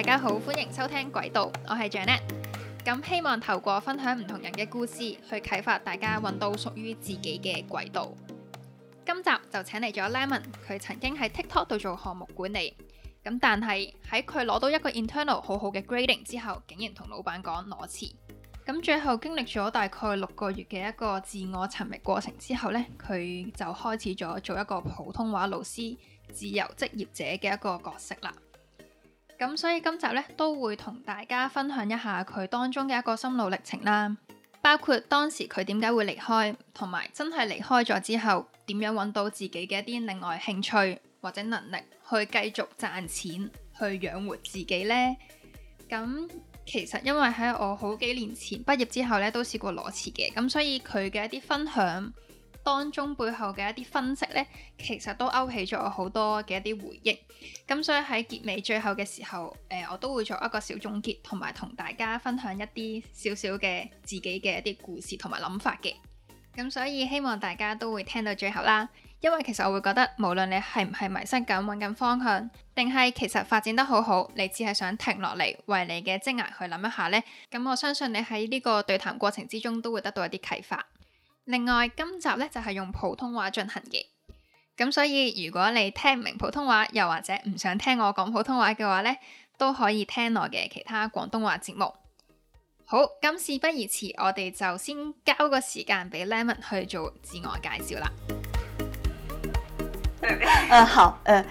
大家好，歡迎收聽軌道，我係 Janet。咁希望透過分享唔同人嘅故事，去啟發大家揾到屬於自己嘅軌道。今集就請嚟咗 Lemon，佢曾經喺 TikTok 度做項目管理，咁但係喺佢攞到一個 internal 好好嘅 grading 之後，竟然同老闆講攞辭。咁最後經歷咗大概六個月嘅一個自我尋覓過程之後呢，佢就開始咗做一個普通話老師、自由職業者嘅一個角色啦。咁所以今集咧都會同大家分享一下佢當中嘅一個心路歷程啦，包括當時佢點解會離開，同埋真係離開咗之後點樣揾到自己嘅一啲另外興趣或者能力去繼續賺錢去養活自己呢。咁其實因為喺我好幾年前畢業之後咧都試過裸辭嘅，咁所以佢嘅一啲分享，當中背後嘅一啲分析呢，其實都勾起咗我好多嘅一啲回憶。咁所以喺結尾最後嘅時候，誒、呃、我都會做一個小總結，同埋同大家分享一啲少少嘅自己嘅一啲故事同埋諗法嘅。咁所以希望大家都會聽到最後啦，因為其實我會覺得，無論你係唔係迷失緊揾緊方向，定係其實發展得好好，你只係想停落嚟為你嘅職涯去諗一下呢。咁我相信你喺呢個對談過程之中都會得到一啲啟發。另外，今集呢就係用普通話進行嘅，咁所以如果你聽唔明普通話，又或者唔想聽我講普通話嘅話呢，都可以聽我嘅其他廣東話節目。好，咁事不宜遲，我哋就先交個時間俾 Lemon 去做自我介紹啦。嗯、呃，好，嗯、呃。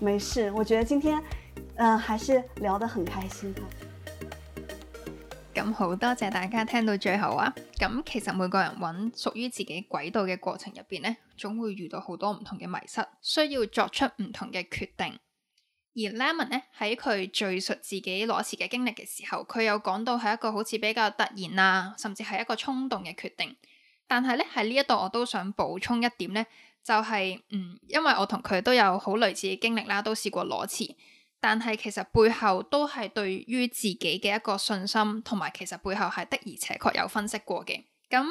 沒事，我覺得今天，嗯、呃，還是聊得很開心。咁好多謝大家聽到最後啊！咁其實每個人揾屬於自己軌道嘅過程入邊呢，總會遇到好多唔同嘅迷失，需要作出唔同嘅決定。而 Lemon 呢，喺佢敘述自己裸辭嘅經歷嘅時候，佢有講到係一個好似比較突然啊，甚至係一個衝動嘅決定。但係咧喺呢一度我都想補充一點呢。就係、是、嗯，因為我同佢都有好類似嘅經歷啦，都試過裸辭，但係其實背後都係對於自己嘅一個信心，同埋其實背後係的而且確有分析過嘅。咁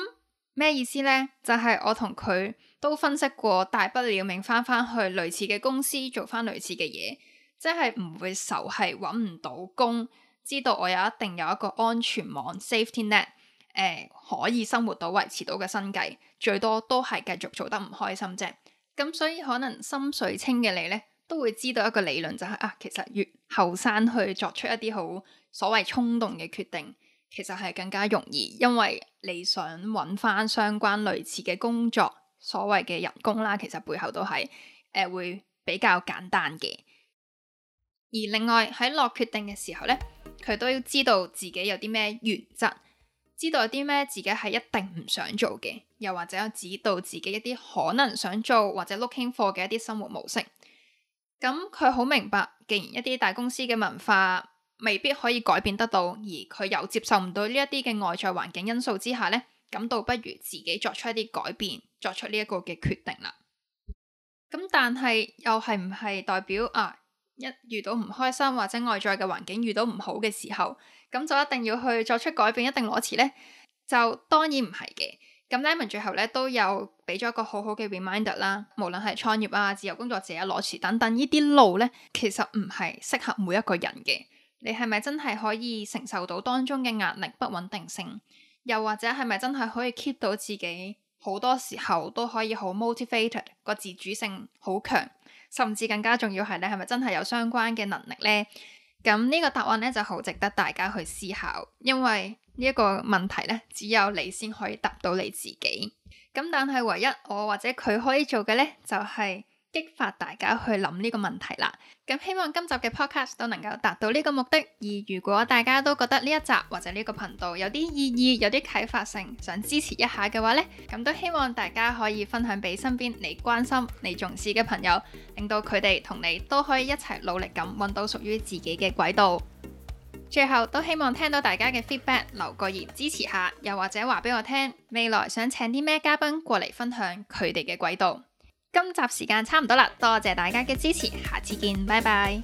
咩意思呢？就係、是、我同佢都分析過，大不了明翻翻去類似嘅公司做翻類似嘅嘢，即係唔會愁係揾唔到工，知道我有一定有一個安全網 （safety net）。誒、呃，可以生活到維持到嘅生計最多都係繼續做得唔開心啫。咁所以可能心水清嘅你呢，都會知道一個理論就係、是、啊，其實越後生去作出一啲好所謂衝動嘅決定，其實係更加容易，因為你想揾翻相關類似嘅工作，所謂嘅人工啦，其實背後都係誒、呃、會比較簡單嘅。而另外喺落決定嘅時候呢，佢都要知道自己有啲咩原則。知道有啲咩自己係一定唔想做嘅，又或者有指導自己一啲可能想做或者 looking for 嘅一啲生活模式。咁佢好明白，既然一啲大公司嘅文化未必可以改變得到，而佢又接受唔到呢一啲嘅外在環境因素之下呢，咁倒不如自己作出一啲改變，作出呢一個嘅決定啦。咁但係又係唔係代表啊？一遇到唔開心或者外在嘅環境遇到唔好嘅時候，咁就一定要去作出改變，一定裸辭呢？就當然唔係嘅。咁 Lemon 最後咧都有俾咗一個好好嘅 reminder 啦。無論係創業啊、自由工作者啊、裸辭等等呢啲路呢，其實唔係適合每一個人嘅。你係咪真係可以承受到當中嘅壓力、不穩定性？又或者係咪真係可以 keep 到自己？好多時候都可以好 motivated，個自主性好強。甚至更加重要係，你係咪真係有相關嘅能力呢？咁呢個答案呢，就好值得大家去思考，因為呢一個問題呢，只有你先可以答到你自己。咁但係唯一我或者佢可以做嘅呢，就係、是，激發大家去諗呢個問題啦。咁希望今集嘅 podcast 都能夠達到呢個目的。而如果大家都覺得呢一集或者呢個頻道有啲意義、有啲啟發性，想支持一下嘅話呢，咁都希望大家可以分享俾身邊你關心、你重視嘅朋友，令到佢哋同你都可以一齊努力咁搵到屬於自己嘅軌道。最後都希望聽到大家嘅 feedback，留個言支持下，又或者話俾我聽未來想請啲咩嘉賓過嚟分享佢哋嘅軌道。今集時間差唔多啦，多謝大家嘅支持，下次見，拜拜。